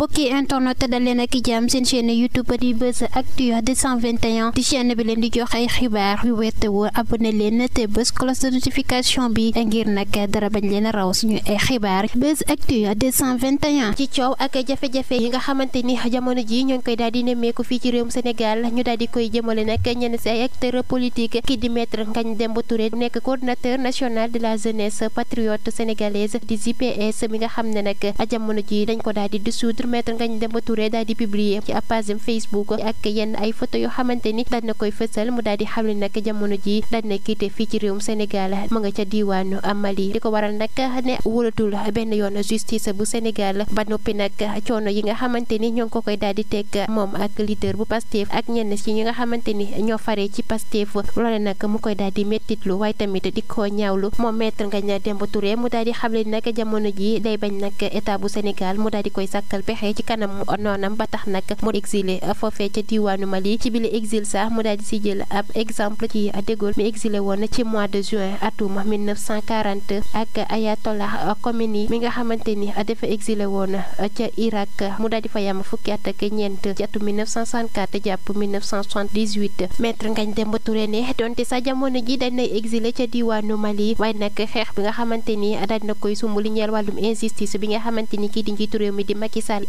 mbokki internet dal leen ak jàmm seen chaîne youtube di Buzz Actu 221 di chaîne bi leen di jox ay xibaar yu wér te wóor leen te bés cloche de notification bi ngir nag dara bañ leen raw suñu ay xibaar Buzz Actu 221 ci coow ak jafe-jafe yi nga xamante ni jamono ji ñoo ngi koy daal di nemmeeku fii ci réewum Sénégal ñu daal di koy jëmale nag ñenn si ay acteur politique kii di maître Ngagne Demba Touré nekk ordinateur national de la jeunesse patriote sénégalaise di JPS mi nga xam ne nag jamono ji dañ ko daal di dissoudre maître Ngagne Demba Touré daal di publier ci ab page Facebook ak yenn ay photo yoo xamante ni daal na koy fësal mu daal di xamle nag jamono ji daal na kiite fii ci réewum Sénégal mu nga ca diwaanu Mali di ko waral nag ne wóolatul benn yoon justice bu Sénégal ba noppi nag coono yi nga xamante ni ñoo ngi ko koy daal di teg moom ak leader bu Pastef ak ñenn si ñi nga xamante ni ñoo faree ci Pastef loole nag mu koy daal di méttitlu waaye tamit di ko ñaawlu moom maître Ngagne Demba ture mu daal di xamle nag jamono ji day bañ nag état bu Sénégal mu daal di koy sàkkal pexe waxee ci kanam noonam ba tax nag mu exilé foofee ca diwaanu Mali ci bile exil sax mu daal di si jël ab exemple ci de Gaulle mi exilé woon ci mois de juin atum 1940 ak Ayatollah Khomeini mi nga xamante ni dafa exilé woon ca Irak mu daal di fa yam fukki at ak ñeent ci atum 1964 jàpp 1978 maître Ngagne Demba Touré ne donte sa jamono ji dañ lay exilé ca diwaanu Mali waaye nag xeex bi nga xamante ni dañ na koy sumb li ñeel wàllum injustice bi nga xamante ni kii di njiitu réew mi di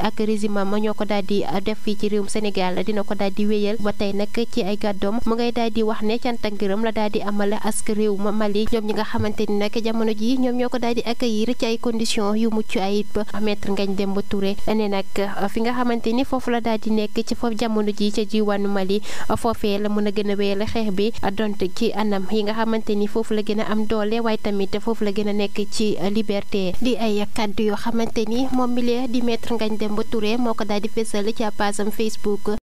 ak régime ma ñoo ko daal di def fii ci réewum Sénégal dina ko daal di wéyal ba tey nag ci ay gàddoom mu ngay daal wax ne cant ngërëm la daal amal ask réew ma Mali ñoom ñi nga xamante ni nag jamono ji ñoom ñoo ko daal di accueillir ci ay conditions yu mucc ayib maître Ngagne Demba Touré ne nag fi nga xamante ni foofu la daal di nekk ci foofu jamono ji ca jiwaanu Mali foofee la mën a gën a wéyal xeex bi donte ci anam yi nga xamante ni foofu la gën a am doole waaye tamit foofu la gën nekk ci liberté di ay kàddu yoo xamante ni moom Demba Touré moo ko daal di fésal ci pasam Facebook